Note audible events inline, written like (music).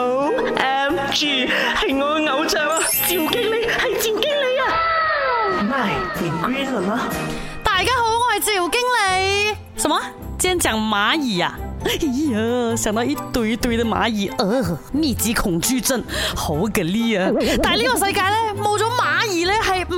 O M G，係我嘅偶像啊！趙經理係趙經理啊！咪你 green 大家好，我係趙經理。什麼？今天講螞蟻啊？哎呀，想到一堆堆的螞蟻，呃、啊，密集恐懼症，好嘅呢啊！ (laughs) 但係呢個世界咧，冇咗螞蟻咧係。